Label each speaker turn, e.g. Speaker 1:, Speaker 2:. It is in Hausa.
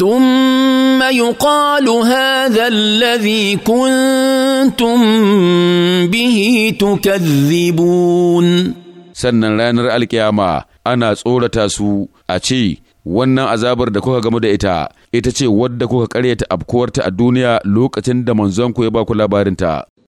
Speaker 1: ثم يقال هذا الذي كنتم به تكذبون
Speaker 2: sannan ranar alkiyama ana tsorata su a ce wannan azabar da kuka gamu da ita ita ce wadda kuka karyata afkuwarta a duniya lokacin da manzon ya ba ku labarinta